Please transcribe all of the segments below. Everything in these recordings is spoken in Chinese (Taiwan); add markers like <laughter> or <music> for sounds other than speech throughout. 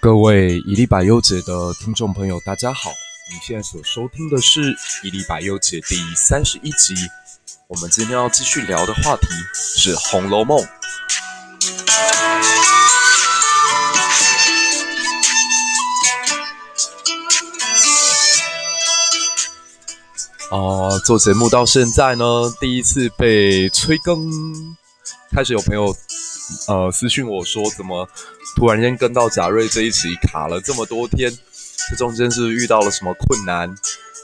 各位一歷百憂解的聽眾朋友，大家好！你現在所收聽的是一歷百憂解第三十一集。我們今天要繼續聊的話題是《紅樓夢》。哦、嗯嗯嗯嗯嗯嗯，做節目到現在呢，第一次被催更，開始有朋友呃私信我說怎麼，突然間跟到賈瑞這一集卡了這麼多天，這中間是遇到了什麼困難？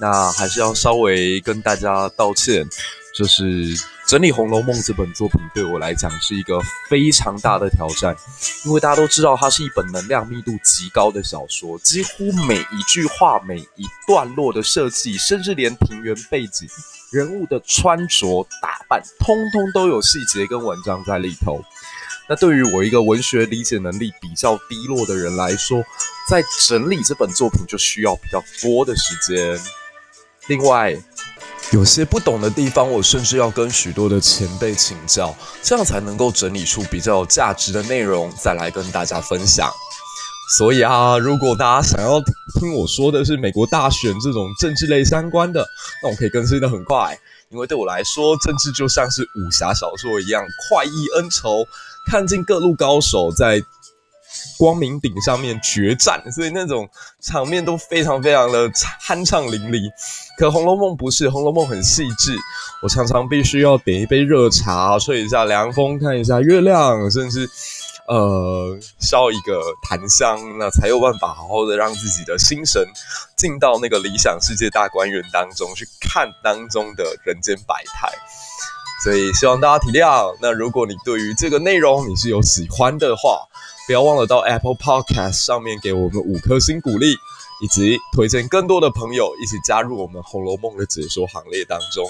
那還是要稍微跟大家道歉。就是整理《紅樓夢》這本作品對我來講是一個非常大的挑戰，因為大家都知道它是一本能量密度極高的小說，幾乎每一句話、每一段落的設計，甚至連庭園背景、人物的穿着打扮，通通都有細節跟文章在裡頭。那對於我一個文學理解能力比較低落的人來說，在整理這本作品就需要比較多的時間。另外，有些不懂的地方，我甚至要跟許多的前輩請教，這樣才能夠整理出比較有價值的內容，再來跟大家分享。所以啊，如果大家想要聽我說的是美國大選這種政治類相關的，那我可以更新的很快，因為對我來說，政治就像是武俠小說一樣，快意恩仇。看盡各路高手在光明頂上面決戰，所以那種場面都非常非常的酣暢淋漓。可《紅樓夢》不是，《紅樓夢》很細緻，我常常必須要點一杯熱茶，吹一下涼風，看一下月亮，甚至，呃，燒一個檀香，那才有辦法好好的讓自己的心神進到那個理想世界大觀園當中去，看當中的人間百態。所以希望大家體諒。那如果你對於這個內容你是有喜歡的話，不要忘了到 Apple Podcast 上面給我們五顆星鼓勵，以及推薦更多的朋友一起加入我們《紅樓夢》的解說行列當中。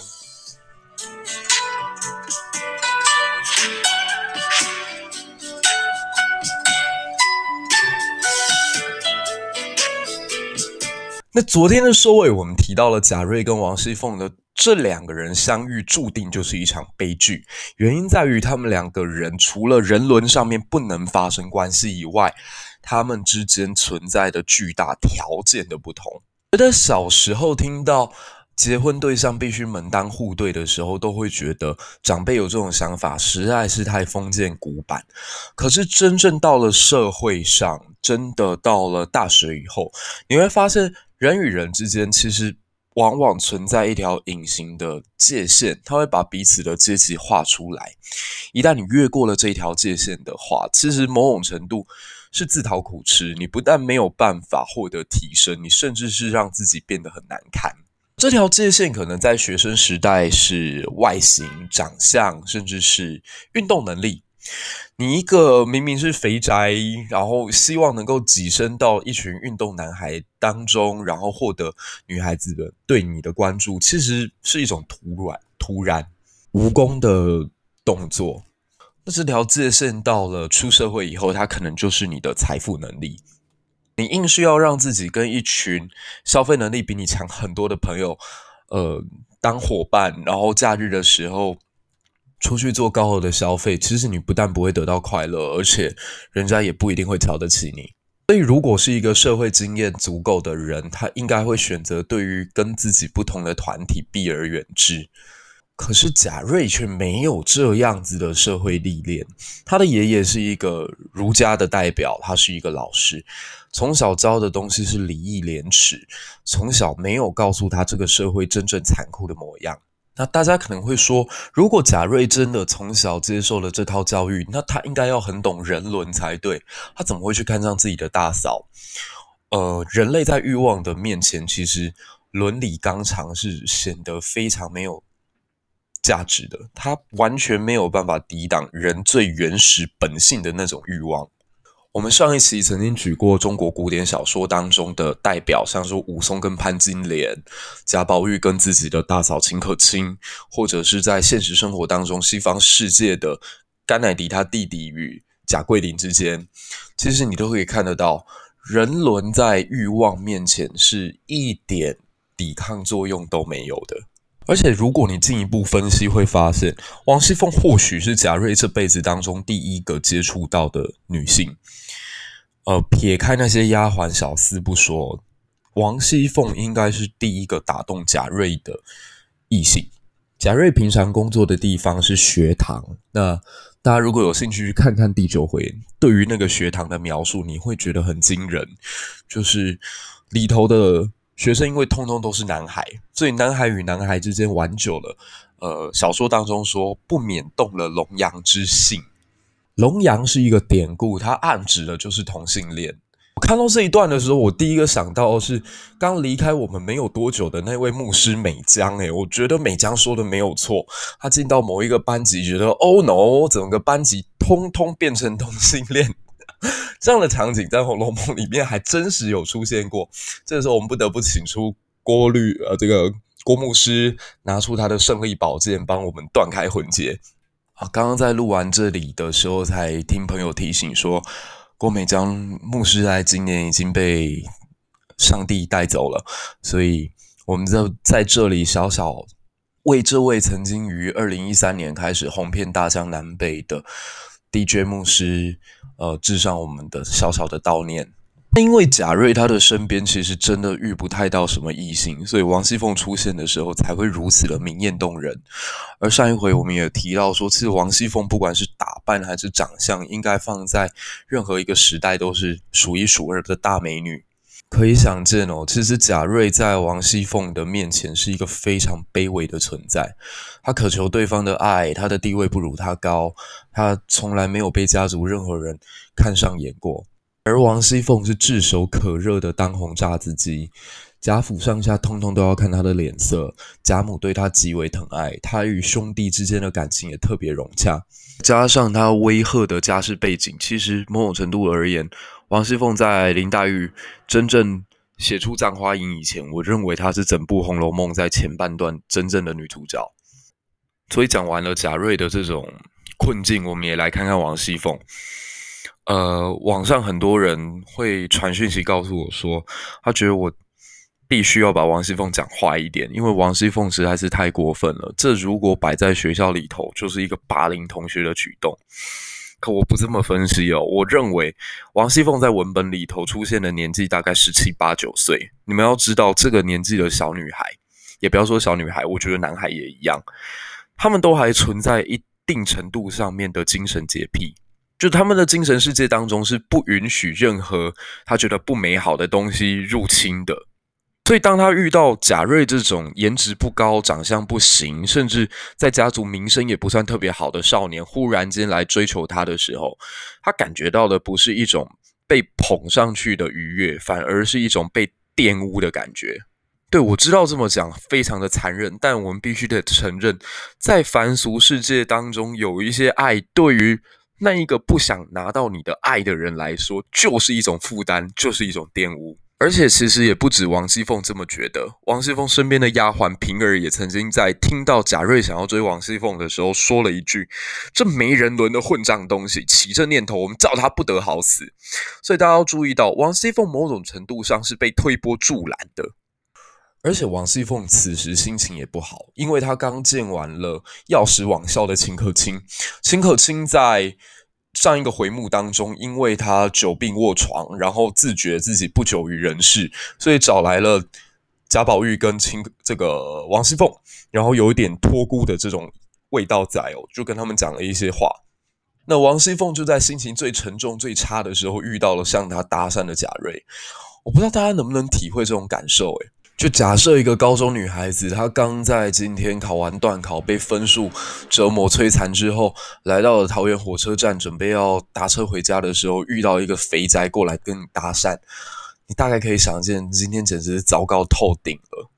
那昨天的收尾，我們提到了賈瑞跟王熙鳳的。這兩個人相遇，注定就是一場悲劇。原因在於，他們兩個人除了人倫上面不能發生關係以外，他們之間存在的巨大條件的不同。覺得小時候聽到結婚對象必須門當戶對的時候，都會覺得長輩有這種想法實在是太封建、古板。可是真正到了社會上，真的到了大學以後，你會發現人與人之間其實。往往存在一條隱形的界限，它會把彼此的階級畫出來。一旦你越過了這一條界限的話，其實某種程度是自討苦吃。你不但沒有辦法獲得提升，你甚至是讓自己變得很難看。這條界限可能在學生時代是外形、長相，甚至是運動能力。你一個明明是肥宅，然後希望能夠躋身到一群運動男孩當中，然後獲得女孩子的對你的關注，其實是一種徒然徒然無功的動作。那這條界限到了出社會以後，它可能就是你的財富能力。你硬是要讓自己跟一群消費能力比你強很多的朋友，呃，當夥伴，然後假日的時候，出去做高額的消費，其實你不但不會得到快樂，而且人家也不一定會瞧得起你。所以，如果是一個社會經驗足夠的人，他應該會選擇對於跟自己不同的團體避而遠之。可是賈瑞卻沒有這樣子的社會歷練。他的爺爺是一個儒家的代表，他是一個老師，從小教的東西是禮義廉恥，從小沒有告訴他這個社會真正殘酷的模樣。那大家可能會說，如果賈瑞真的從小接受了這套教育，那他應該要很懂人倫才對，他怎麼會去看上自己的大嫂？呃，人類在慾望的面前，其實倫理綱常是顯得非常沒有價值的，他完全沒有辦法抵擋人最原始本性的那種慾望。我們上一期曾經舉過中國古典小說當中的代表，像說武松跟潘金蓮、賈寶玉跟自己的大嫂秦可卿，或者是在現實生活當中，西方世界的甘乃迪他弟弟與賈桂林之間，其實你都可以看得到，人倫在欲望面前是一點抵抗作用都沒有的。而且，如果你進一步分析，會發現王熙鳳或許是賈瑞這輩子當中第一個接觸到的女性。呃，撇開那些丫鬟小厮不說，王熙鳳應該是第一個打動賈瑞的異性。賈瑞平常工作的地方是學堂，那大家如果有興趣去看看第九回對於那個學堂的描述，你會覺得很驚人，就是裡頭的學生因為通通都是男孩，所以男孩與男孩之間玩久了，呃，小說當中說不免動了龍陽之興。龍陽是一個典故，它暗指的就是同性戀。我看到這一段的時候，我第一個想到是剛離開我們沒有多久的那位牧師美江、欸。哎，我覺得美江說的沒有錯，他進到某一個班級，覺得 Oh no，整個班級通通變成同性戀 <laughs> 這樣的場景，在《紅樓夢》裡面還真實有出現過。這個時候，我們不得不請出郭律呃這個郭牧師，拿出他的勝利寶劍，幫我們斷開魂結。啊，剛剛在錄完這裡的時候，才聽朋友提醒說，郭美江牧師在今年已經被上帝帶走了，所以我們就在這裡小小為這位曾經於二零一三年開始哄騙大江南北的 DJ 牧師，呃，致上我們的小小的悼念。因為賈瑞他的身邊其實真的遇不太到什麼異性，所以王熙鳳出現的時候才會如此的明豔動人。而上一回我們也提到說，其實王熙鳳不管是打扮還是長相，應該放在任何一個時代都是數一數二的大美女。可以想見哦，其實賈瑞在王熙鳳的面前是一個非常卑微的存在。他渴求對方的愛，他的地位不如他高，他從來沒有被家族任何人看上眼過。而王熙鳳是炙手可熱的當紅炸子雞，賈府上下通通都要看她的臉色。賈母對她極為疼愛，她與兄弟之間的感情也特別融洽。加上她威赫的家世背景，其實某種程度而言，王熙鳳在林黛玉真正寫出《葬花吟》以前，我認為她是整部《紅樓夢》在前半段真正的女主角。所以講完了賈瑞的這種困境，我們也來看看王熙鳳。呃，網上很多人會傳訊息告訴我說，說他覺得我必須要把王熙鳳講壞一點，因為王熙鳳實在是太過分了。這如果擺在學校裡頭，就是一個霸凌同學的舉動。可我不這麼分析哦，我認為王熙鳳在文本裡頭出現的年紀大概十七八九歲。你們要知道，這個年紀的小女孩，也不要說小女孩，我覺得男孩也一樣，他們都還存在一定程度上面的精神潔癖。就他們的精神世界當中是不允許任何他覺得不美好的東西入侵的，所以當他遇到賈瑞這種顏值不高、長相不行，甚至在家族名聲也不算特別好的少年，忽然間來追求他的時候，他感覺到的不是一種被捧上去的愉悅，反而是一種被玷污的感覺。對，我知道這麼講非常的殘忍，但我們必須得承認，在凡俗世界當中，有一些愛對於，那一個不想拿到你的愛的人來說，就是一種負擔，就是一種玷污。而且，其實也不止王熙鳳這麼覺得。王熙鳳身邊的丫鬟平兒也曾經在聽到賈瑞想要追王熙鳳的時候，說了一句：“這沒人倫的混賬東西，起這念頭，我們叫他不得好死。”所以大家要注意到，王熙鳳某種程度上是被推波助瀾的。而且王熙鳳此時心情也不好，因為她剛見完了藥石罔效的秦可卿。秦可卿在上一個回目當中，因為他久病臥床，然後自覺自己不久於人世，所以找來了賈寶玉跟秦這個王熙鳳，然後有一點托孤的這種味道在哦，就跟他們講了一些話。那王熙鳳就在心情最沉重、最差的時候，遇到了向他搭訕的賈瑞。我不知道大家能不能體會這種感受、欸，誒。就假設一個高中女孩子，她剛在今天考完段考，被分數折磨摧殘之後，來到了桃園火車站，準備要搭車回家的時候，遇到一個肥宅過來跟你搭訕，你大概可以想見，今天簡直是糟糕透頂了。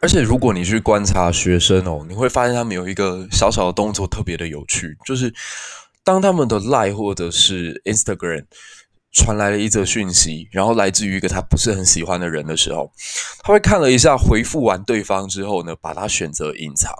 而且，如果你去觀察學生哦，你會發現他們有一個小小的動作特別的有趣，就是當他們的 line 或者是 Instagram。傳來了一則訊息，然後來自於一個他不是很喜歡的人的時候，他會看了一下，回復完對方之後呢，把他選擇隱藏。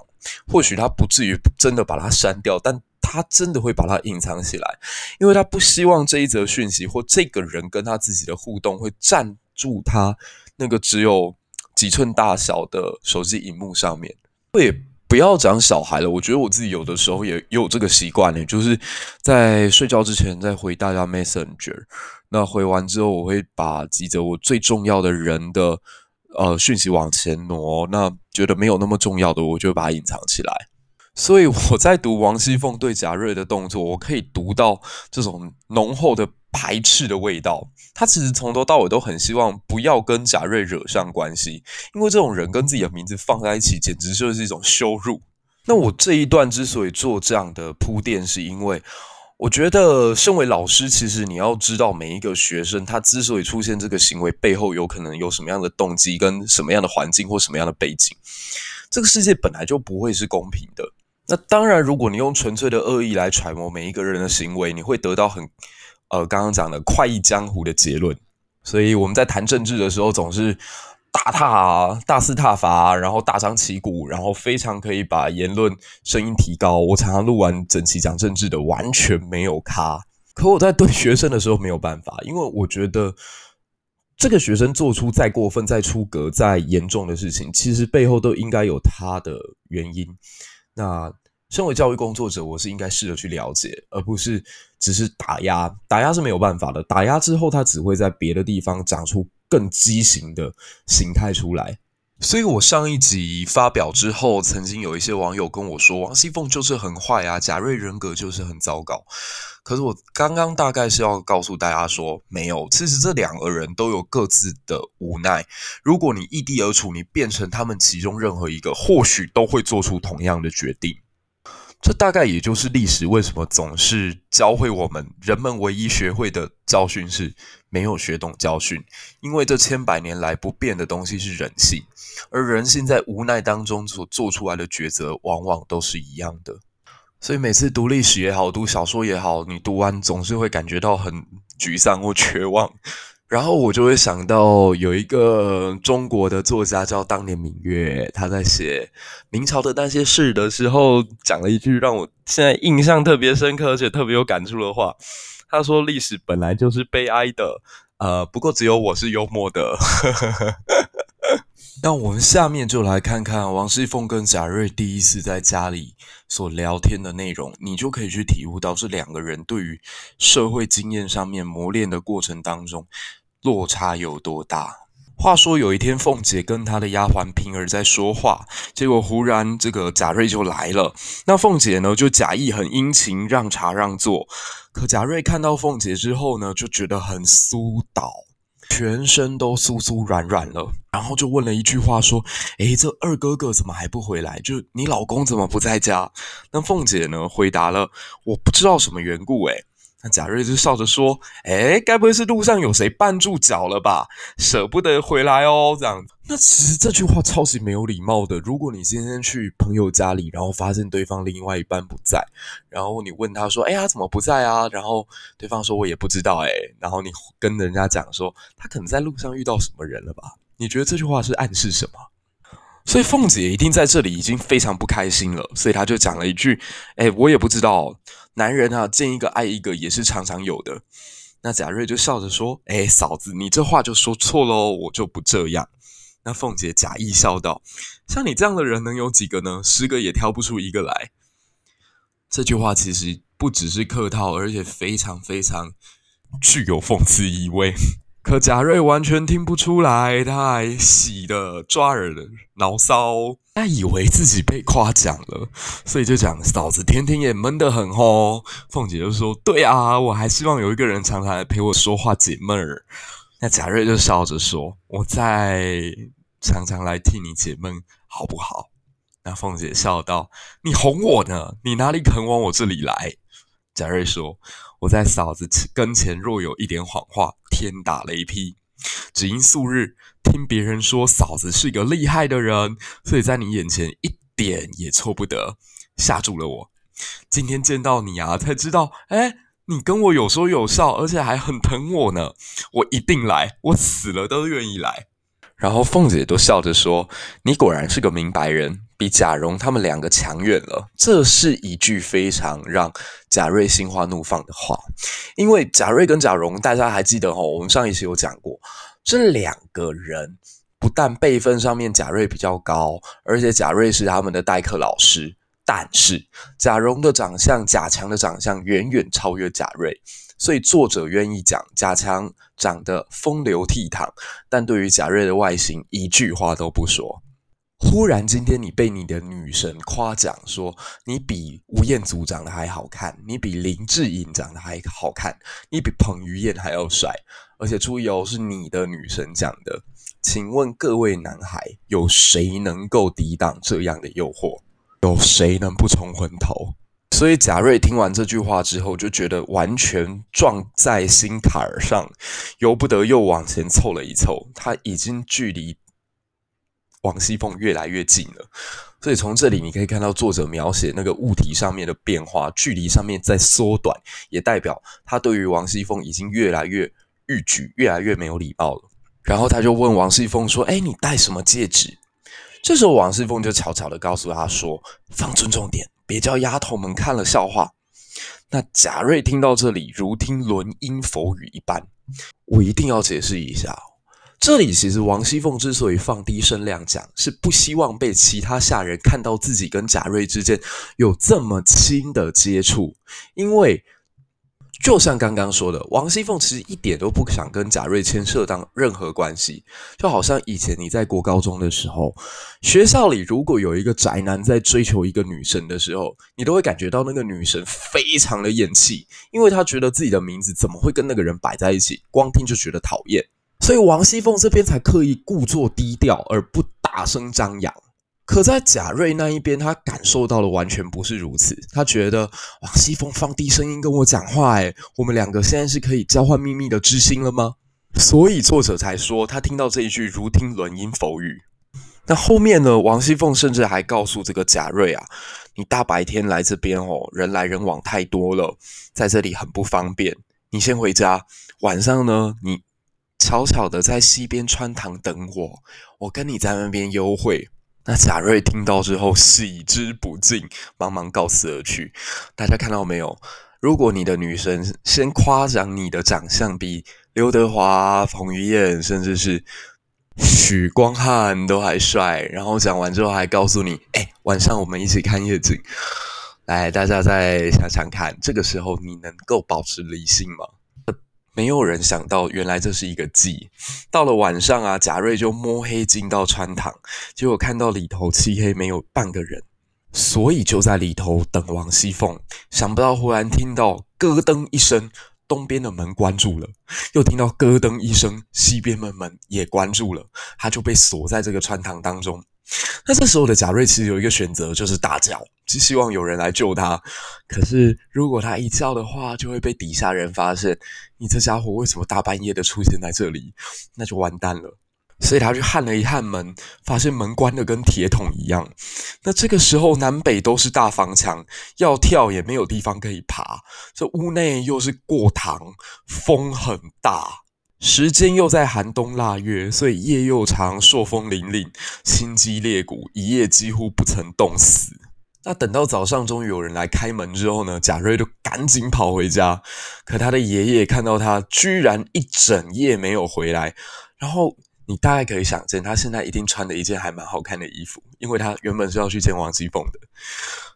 或許他不至於真的把他刪掉，但他真的會把他隱藏起來，因為他不希望這一則訊息或這個人跟他自己的互動會占住他那個只有幾寸大小的手機螢幕上面，會。不要講小孩了，我覺得我自己有的時候也,也有這個習慣呢，就是在睡覺之前再回大家 Messenger，那回完之後，我會把幾則我最重要的人的呃訊息往前挪，那覺得沒有那麼重要的，我就會把它隱藏起來。所以我在讀王熙鳳對賈瑞的動作，我可以讀到這種濃厚的排斥的味道。他其實從頭到尾都很希望不要跟賈瑞惹上關係，因為這種人跟自己的名字放在一起，簡直就是一種羞辱。那我這一段之所以做這樣的鋪墊，是因為我覺得身為老師，其實你要知道每一個學生他之所以出現這個行為，背後有可能有什麼樣的動機，跟什麼樣的環境或什麼樣的背景。這個世界本來就不會是公平的。那當然，如果你用純粹的惡意來揣摩每一個人的行為，你會得到很。呃，剛剛講的快意江湖的結論，所以我們在談政治的時候，總是大踏、啊、大肆撻伐、啊，然後大張旗鼓，然後非常可以把言論聲音提高。我常常錄完整期講政治的，完全沒有卡。可我在對學生的時候沒有辦法，因為我覺得這個學生做出再過分、再出格、再嚴重的事情，其實背後都應該有他的原因。那。身為教育工作者，我是應該試着去了解，而不是只是打壓。打壓是沒有辦法的，打壓之後，他只會在別的地方長出更畸形的形態出來。所以我上一集發表之後，曾經有一些網友跟我說：“王熙鳳就是很壞啊，賈瑞人格就是很糟糕。”可是我剛剛大概是要告訴大家說，沒有，其實這兩個人都有各自的無奈。如果你異地而處，你變成他們其中任何一個，或許都會做出同樣的決定。這大概也就是歷史為什麼總是教會我們，人們唯一學會的教訓是沒有學懂教訓，因為這千百年來不變的東西是人性，而人性在無奈當中所做出來的抉擇，往往都是一樣的。所以每次讀歷史也好，讀小說也好，你讀完總是會感覺到很沮喪或絕望。然後我就會想到有一個中國的作家叫當年明月，他在寫明朝的那些事的時候，講了一句讓我現在印象特別深刻，而且特別有感觸的話。他說：“歷史本來就是悲哀的，呃，不過只有我是幽默的。 <laughs> ”那我們下面就來看看王熙鳳跟賈瑞第一次在家裡所聊天的內容，你就可以去體悟到這兩個人對於社會經驗上面磨練的過程當中。落差有多大？話說有一天，鳳姐跟她的丫鬟平兒在說話，結果忽然這個賈瑞就來了。那鳳姐呢，就假意很殷勤，讓茶讓座。可賈瑞看到鳳姐之後呢，就覺得很酥倒，全身都酥酥軟軟了。然後就問了一句話，說：“哎，這二哥哥怎麼還不回來？就你老公怎麼不在家？”那鳳姐呢，回答了：“我不知道什麼緣故。”哎。那賈瑞就笑着說：“哎、欸，該不會是路上有誰絆住腳了吧？捨不得回來哦，這樣。”那其實這句話超級沒有禮貌的。如果你今天去朋友家裡，然後發現對方另外一半不在，然後你問他說：“哎、欸、他怎麼不在啊？”然後對方說：“我也不知道。”哎，然後你跟人家講說：“他可能在路上遇到什麼人了吧？”你覺得這句話是暗示什麼？所以鳳姐一定在這裡已經非常不開心了，所以他就講了一句：“哎、欸，我也不知道。”男人啊，見一個愛一個也是常常有的。那賈瑞就笑着說：“哎、欸，嫂子，你這話就說錯了哦，我就不這樣。”那鳳姐假意笑道：“像你這樣的人能有幾個呢？十個也挑不出一個來。”這句話其實不只是客套，而且非常非常具有諷刺意味。可賈瑞完全聽不出來，他還喜得抓耳撓腮，他以為自己被誇獎了，所以就講嫂子天天也悶得很哦。鳳姐就說：“對啊，我還希望有一個人常常來陪我說話解悶兒。”那賈瑞就笑着說：“我再常常來替你解悶，好不好？”那鳳姐笑道：“你哄我呢，你哪裡肯往我這裡來？”賈瑞說。我在嫂子跟前若有一點謊話，天打雷劈。只因素日聽別人說嫂子是一個厲害的人，所以在你眼前一點也錯不得，嚇住了我。今天見到你啊，才知道，哎，你跟我有說有笑，而且還很疼我呢。我一定來，我死了都願意來。然後鳳姐都笑着說：“你果然是個明白人，比賈蓉他們兩個強遠了。”這是一句非常讓賈瑞心花怒放的話，因為賈瑞跟賈蓉，大家還記得、哦、我們上一期有講過，這兩個人不但輩分上面賈瑞比較高，而且賈瑞是他們的代課老師，但是賈蓉的長相、賈薔的長相遠遠超越賈瑞。所以作者願意講賈薔長得風流倜儻，但對於賈瑞的外形一句話都不說。忽然今天你被你的女神誇獎說你比吳彥祖長得還好看，你比林志穎長得還好看，你比彭於晏還要帥，而且注意哦，是你的女神講的。請問各位男孩，有誰能夠抵擋這樣的誘惑？有誰能不沖昏頭？所以賈瑞聽完這句話之後，就覺得完全撞在心坎上，由不得又往前湊了一湊。他已經距離王熙鳳越來越近了。所以從這裡你可以看到，作者描寫那個物體上面的變化，距離上面在縮短，也代表他對於王熙鳳已經越來越逾矩，越來越沒有禮貌了。然後他就問王熙鳳說：“哎，你戴什麼戒指？”這時候王熙鳳就悄悄的告訴他說：“放尊重點。”別叫丫頭們看了笑話。那賈瑞聽到這裡，如聽綸音佛語一般。我一定要解釋一下，這裡其實王熙鳳之所以放低聲量講，是不希望被其他下人看到自己跟賈瑞之間有這麼親的接觸，因為。就像剛剛說的，王熙鳳其實一點都不想跟賈瑞牽涉到任何關係，就好像以前你在國高中的時候，學校裡如果有一個宅男在追求一個女神的時候，你都會感覺到那個女神非常的厭棄，因為她覺得自己的名字怎麼會跟那個人擺在一起，光聽就覺得討厭，所以王熙鳳這邊才刻意故作低調，而不大聲張揚。可在賈瑞那一邊，他感受到的完全不是如此。他覺得王熙鳳放低聲音跟我講話，哎，我們兩個現在是可以交換秘密的知心了嗎？所以作者才說他聽到這一句如聽綸音佛語。那後面呢？王熙鳳甚至還告訴這個賈瑞啊，你大白天來這邊哦，人來人往太多了，在這裡很不方便。你先回家，晚上呢，你悄悄的在西邊穿堂等我，我跟你在那邊幽會。那賈瑞聽到之後喜之不盡，忙忙告辭而去。大家看到沒有？如果你的女神先誇獎你的長相比劉德華、彭於晏，甚至是許光漢都還帥，然後講完之後還告訴你：“哎，晚上我們一起看夜景。”來，大家再想想看，這個時候你能夠保持理性嗎？沒有人想到，原來這是一個計。到了晚上啊，賈瑞就摸黑進到穿堂，結果看到裡頭漆黑，沒有半個人，所以就在裡頭等王熙鳳。想不到忽然聽到咯噔一聲，東邊的門關住了，又聽到咯噔一聲，西邊的門，門也關住了，他就被鎖在這個穿堂當中。那這時候的賈瑞其實有一個選擇，就是大叫，只希望有人來救他。可是如果他一叫的話，就會被底下人發現。你這傢伙為什麼大半夜的出現在這裡？那就完蛋了。所以他去撼了一撼門，發現門關的跟鐵桶一樣。那這個時候南北都是大房牆，要跳也沒有地方可以爬。這屋內又是過堂，風很大，時間又在寒冬臘月，所以夜又長，朔風凜凜，心肌裂骨，一夜幾乎不曾凍死。那等到早上，終於有人來開門之後呢？賈瑞就趕緊跑回家。可他的爺爺看到他，居然一整夜沒有回來。然後你大概可以想見，他現在一定穿的一件還蠻好看的衣服，因為他原本是要去見王熙鳳的。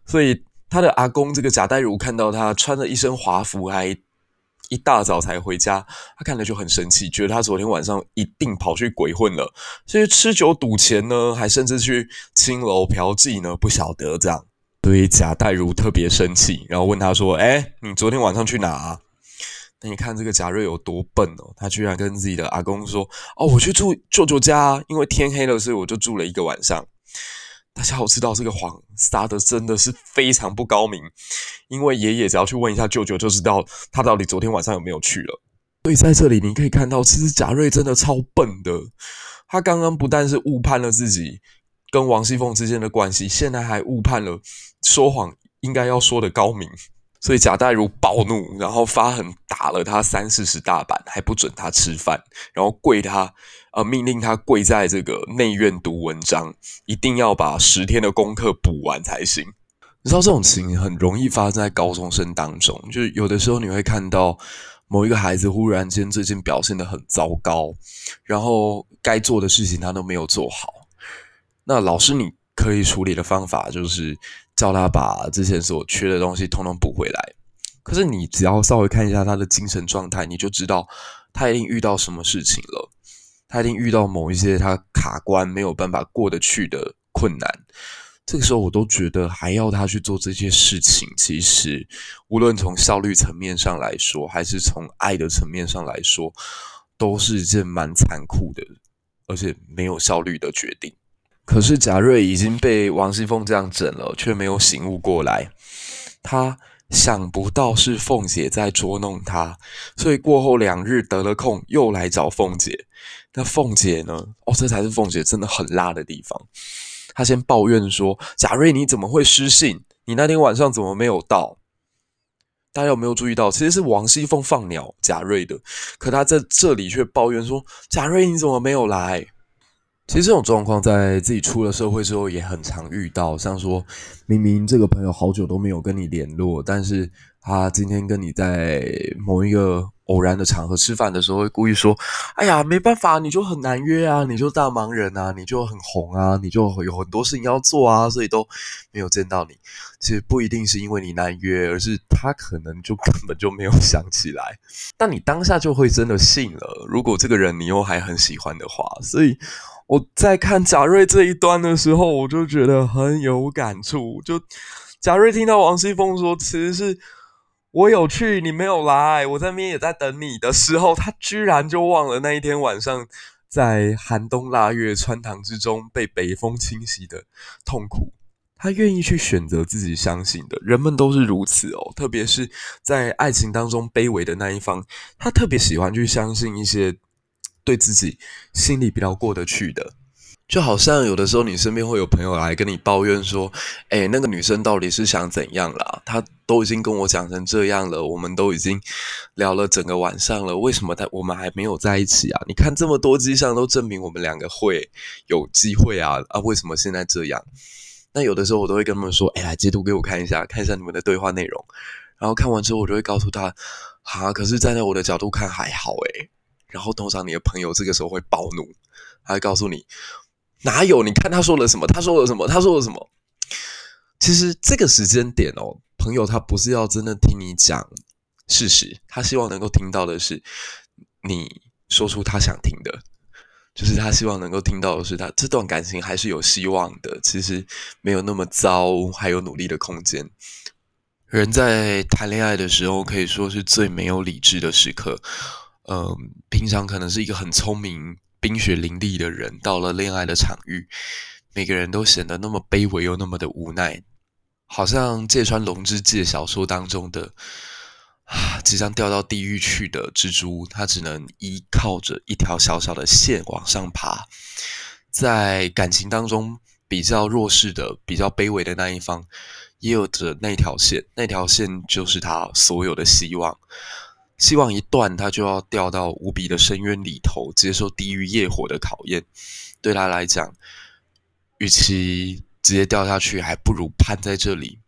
所以他的阿公這個賈代儒看到他穿着一身華服，還一大早才回家，他看了就很生氣，覺得他昨天晚上一定跑去鬼混了，所以吃酒賭錢呢，還甚至去青樓嫖妓呢，不曉得這樣。所以賈代儒特別生氣，然後問他說：“誒，你昨天晚上去哪啊？”那你看這個賈瑞有多笨哦，他居然跟自己的阿公說：“哦，我去住舅舅家啊，因為天黑了，所以我就住了一個晚上。”大家都知道這個謊撒的真的是非常不高明，因為爺爺只要去問一下舅舅，就知道他到底昨天晚上有沒有去了。所以在這裡你可以看到，其實賈瑞真的超笨的。他剛剛不但是誤判了自己跟王熙鳳之間的關係，現在還誤判了。說謊應該要說得高明，所以賈代儒暴怒，然後發狠打了他三四十大板，還不准他吃飯，然後跪他，呃，命令他跪在這個內院讀文章，一定要把十天的功課補完才行。你知道這種情形很容易發生在高中生當中，就有的時候你會看到某一個孩子忽然間最近表現得很糟糕，然後該做的事情他都沒有做好，那老師你可以處理的方法就是。叫他把之前所缺的東西統統補回來。可是你只要稍微看一下他的精神狀態，你就知道他一定遇到什麼事情了。他一定遇到某一些他卡關沒有辦法過得去的困難。這個時候我都覺得還要他去做這些事情，其實無論從效率層面上來說，還是從愛的層面上來說，都是一件蠻殘酷的，而且沒有效率的決定。可是賈瑞已經被王熙鳳這樣整了，卻沒有醒悟過來。他想不到是鳳姐在捉弄他，所以過後兩日得了空，又來找鳳姐。那鳳姐呢？哦，這才是鳳姐真的很辣的地方。她先抱怨說：“賈瑞，你怎麼會失信？你那天晚上怎麼沒有到？”大家有沒有注意到？其實是王熙鳳放鳥賈瑞的，可他在這裡卻抱怨說：“賈瑞，你怎麼沒有來？”其實這種狀況在自己出了社會之後也很常遇到，像說明明這個朋友好久都沒有跟你聯絡，但是他今天跟你在某一個偶然的場合吃飯的時候，會故意說：“哎呀，沒辦法，你就很難約啊，你就大忙人啊，你就很紅啊，你就有很多事情要做啊，所以都沒有見到你。”其實不一定是因為你難約，而是他可能就根本就沒有想起來。但你當下就會真的信了。如果這個人你又還很喜歡的話，所以。我在看賈瑞這一段的時候，我就覺得很有感觸。就賈瑞聽到王熙鳳說：“其實是我有去，你沒有來，我在那邊也在等你。”的時候，他居然就忘了那一天晚上在寒冬臘月穿堂之中被北風侵襲的痛苦。他願意去選擇自己相信的人們都是如此哦，特別是在愛情當中卑微的那一方，他特別喜歡去相信一些。對自己心裡比較過得去的，就好像有的時候你身邊會有朋友來跟你抱怨說：“誒、欸，那個女生到底是想怎樣啦？她都已經跟我講成這樣了，我們都已經聊了整個晚上了，為什麼她我們還沒有在一起啊？你看這麼多跡象都證明我們兩個會有機會啊！啊，為什麼現在這樣？”那有的時候我都會跟他們說：“誒、欸，來截圖給我看一下，看一下你們的對話內容。”然後看完之後，我就會告訴他：“啊，可是站在我的角度看，還好誒、欸。”然後，通常你的朋友這個時候會暴怒，他會告訴你哪有？你看他說了什麼？他說了什麼？他說了什麼？其實這個時間點哦，朋友他不是要真的聽你講事實，他希望能夠聽到的是你說出他想聽的，就是他希望能夠聽到的是他，他這段感情還是有希望的，其實沒有那麼糟，還有努力的空間。人在談戀愛的時候，可以說是最沒有理智的時刻。嗯，平常可能是一個很聰明、冰雪伶俐的人，到了戀愛的場域，每個人都顯得那麼卑微又那麼的無奈，好像芥川龍之介小說當中的，啊，即將掉到地獄去的蜘蛛，它只能依靠着一條小小的線往上爬，在感情當中比較弱勢的、比較卑微的那一方，也有着那條線，那條線就是他所有的希望。希望一斷，他就要掉到無比的深淵裡頭，接受地獄業火的考驗。對他來講，與其直接掉下去，還不如攀在這裡。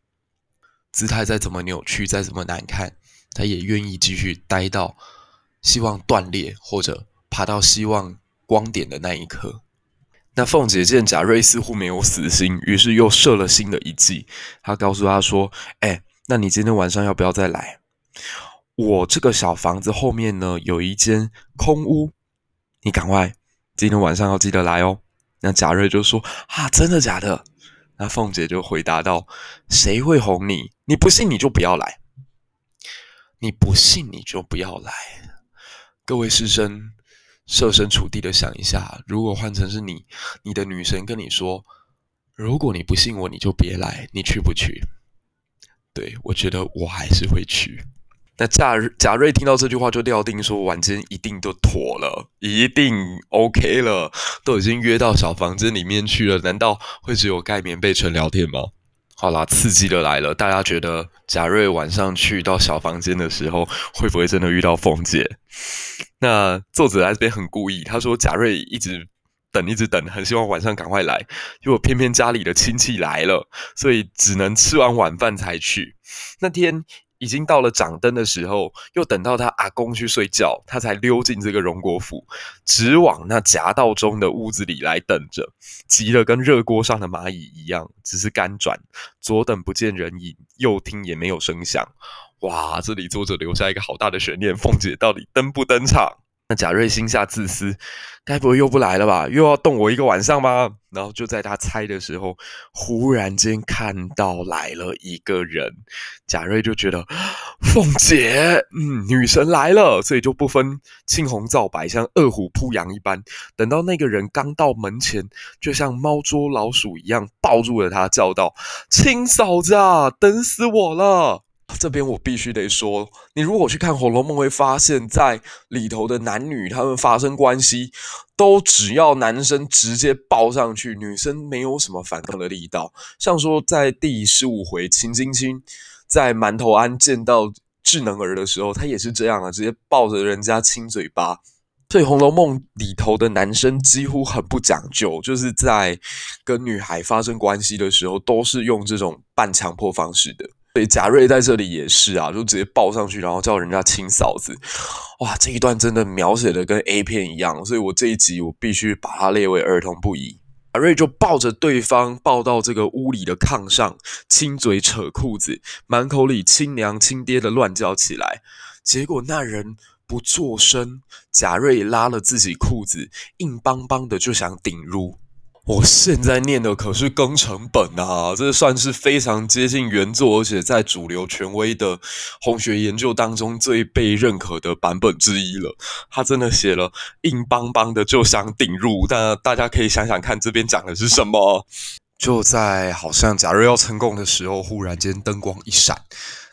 姿態再怎麼扭曲，再怎麼難看，他也願意繼續待到希望斷裂或者爬到希望光點的那一刻。那鳳姐見賈瑞似乎沒有死心，於是又設了新的一計。她告訴他說：“哎，那你今天晚上要不要再來？”我這個小房子後面呢，有一間空屋。你趕快，今天晚上要記得來哦。那賈瑞就說：“啊，真的假的？”那鳳姐就回答道：“誰會哄你？你不信你就不要來。你不信你就不要來。各位師生，設身處地的想一下，如果換成是你，你的女神跟你說，如果你不信我，你就別來，你去不去？對，我覺得我還是會去。”那假，賈瑞聽到這句話就料定說，晚間一定就妥了，一定 OK 了，都已經約到小房間裡面去了，難道會只有蓋棉被純聊天嗎？好啦，刺激的來了，大家覺得賈瑞晚上去到小房間的時候，會不會真的遇到鳳姐？那作者在這邊很故意，他說賈瑞一直等，一直等，很希望晚上趕快來，結果偏偏家裡的親戚來了，所以只能吃完晚飯才去那天。已經到了掌燈的時候，又等到他阿公去睡覺，他才溜進這個榮國府，直往那夾道中的屋子裡來等着，急得跟熱鍋上的螞蟻一樣，只是乾轉。左等不見人影，右聽也沒有聲響。哇，這裡作者留下一個好大的懸念：鳳姐到底登不登場？那賈瑞心下自私，該不會又不來了吧？又要凍我一個晚上吧？然後就在他猜的時候，忽然間看到來了一個人，賈瑞就覺得鳳姐，嗯，女神來了，所以就不分青紅皂白，像餓虎撲羊一般。等到那個人剛到門前，就像貓捉老鼠一樣抱住了他，叫道：“親嫂子啊，等死我了！”這邊我必須得說，你如果去看《紅樓夢》，會發現，在裡頭的男女他們發生關係，都只要男生直接抱上去，女生沒有什麼反抗的力道。像說在第十五回，秦鯨卿在饅頭庵見到智能兒的時候，他也是這樣啊，直接抱着人家親嘴巴。所以《紅樓夢》裡頭的男生幾乎很不講究，就是在跟女孩發生關係的時候，都是用這種半強迫方式的。對，賈瑞在這裡也是啊，就直接抱上去，然後叫人家親嫂子。哇，這一段真的描寫的跟 A 片一樣，所以我這一集我必須把它列為兒童不宜。賈瑞就抱着對方抱到這個屋裡的炕上，親嘴扯褲子，滿口裡親娘親爹的亂叫起來，結果那人不作聲，賈瑞拉了自己褲子，硬邦邦的就想頂入。我現在念的可是庚辰本啊，這算是非常接近原作，而且在主流權威的紅學研究當中最被認可的版本之一了。他真的寫了硬邦邦的就想頂入，但大家可以想想看，這邊講的是什麼？就在好像賈瑞要成功的時候，忽然間燈光一閃，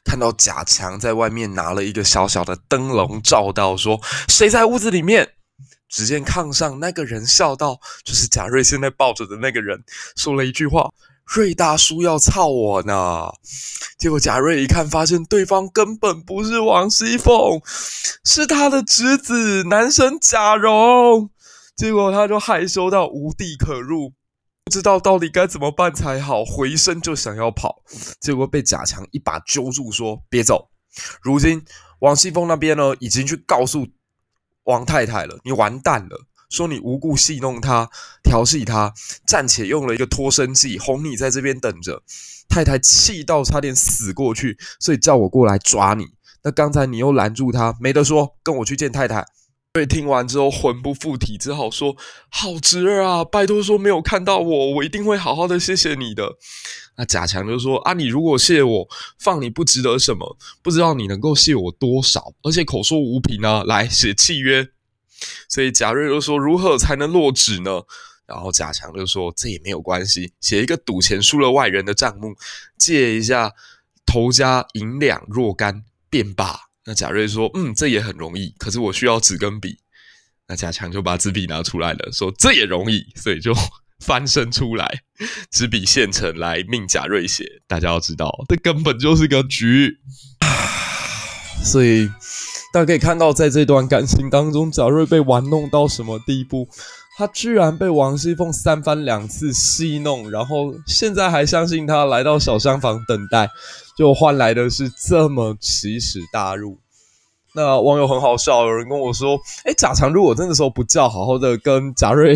看到賈薔在外面拿了一個小小的燈籠照到，說，誰在屋子裡面？只見炕上那個人笑道：“就是賈瑞現在抱着的那個人。”說了一句話：“瑞大叔要操我呢。”結果賈瑞一看，發現對方根本不是王熙鳳，是他的侄子男生賈蓉。結果他就害羞到無地可入，不知道到底該怎麼辦才好，回身就想要跑，結果被賈強一把揪住，說：“別走。”如今王熙鳳那邊呢，已經去告訴。王太太了，你完蛋了！說你無故戲弄她、調戲她，暫且用了一個脫身計，哄你在這邊等着。太太氣到差點死過去，所以叫我過來抓你。那剛才你又攔住他，沒得說，跟我去見太太。所以聽完之後，魂不附體，只好說，好侄兒啊，拜托說沒有看到我，我一定會好好的謝謝你的。那賈強就說啊，你如果謝我，放你不值得什麼，不知道你能夠謝我多少，而且口說無憑啊，來寫契約。所以賈瑞又說如何才能落紙呢？然後賈強就說，這也沒有關係，寫一個賭錢輸了外人的賬目，借一下頭家銀兩若干便罷。」那賈瑞說：“嗯，這也很容易，可是我需要紙跟筆。”那賈薔就把紙筆拿出來了，說：“這也容易，所以就翻身出來，紙筆現成，來命賈瑞寫。”大家要知道，這根本就是個局。所以，大家可以看到，在這段感情當中，賈瑞被玩弄到什麼地步。他居然被王熙鳳三番兩次戲弄，然後現在還相信他來到小廂房等待，就換來的是這麼奇恥大辱。那網友很好笑，有人跟我說：“誒賈強如果真的時候不叫，好好的跟賈瑞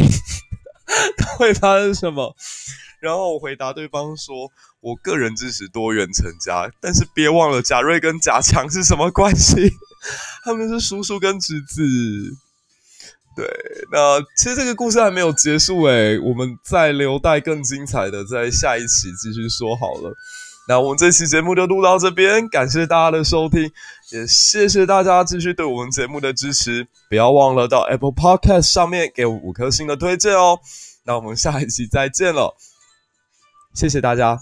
他會發生什麼？”然後我回答對方說：“我個人支持多元成家，但是別忘了賈瑞跟賈強是什麼關係，他們是叔叔跟侄子。”對，那其實這個故事還沒有結束誒，我們再留待更精彩的，在下一期繼續說好了。那我們這期節目就錄到這邊，感謝大家的收聽，也謝謝大家繼續對我們節目的支持，不要忘了到 Apple Podcast 上面給我五顆星的推薦哦。那我們下一期再見了，謝謝大家。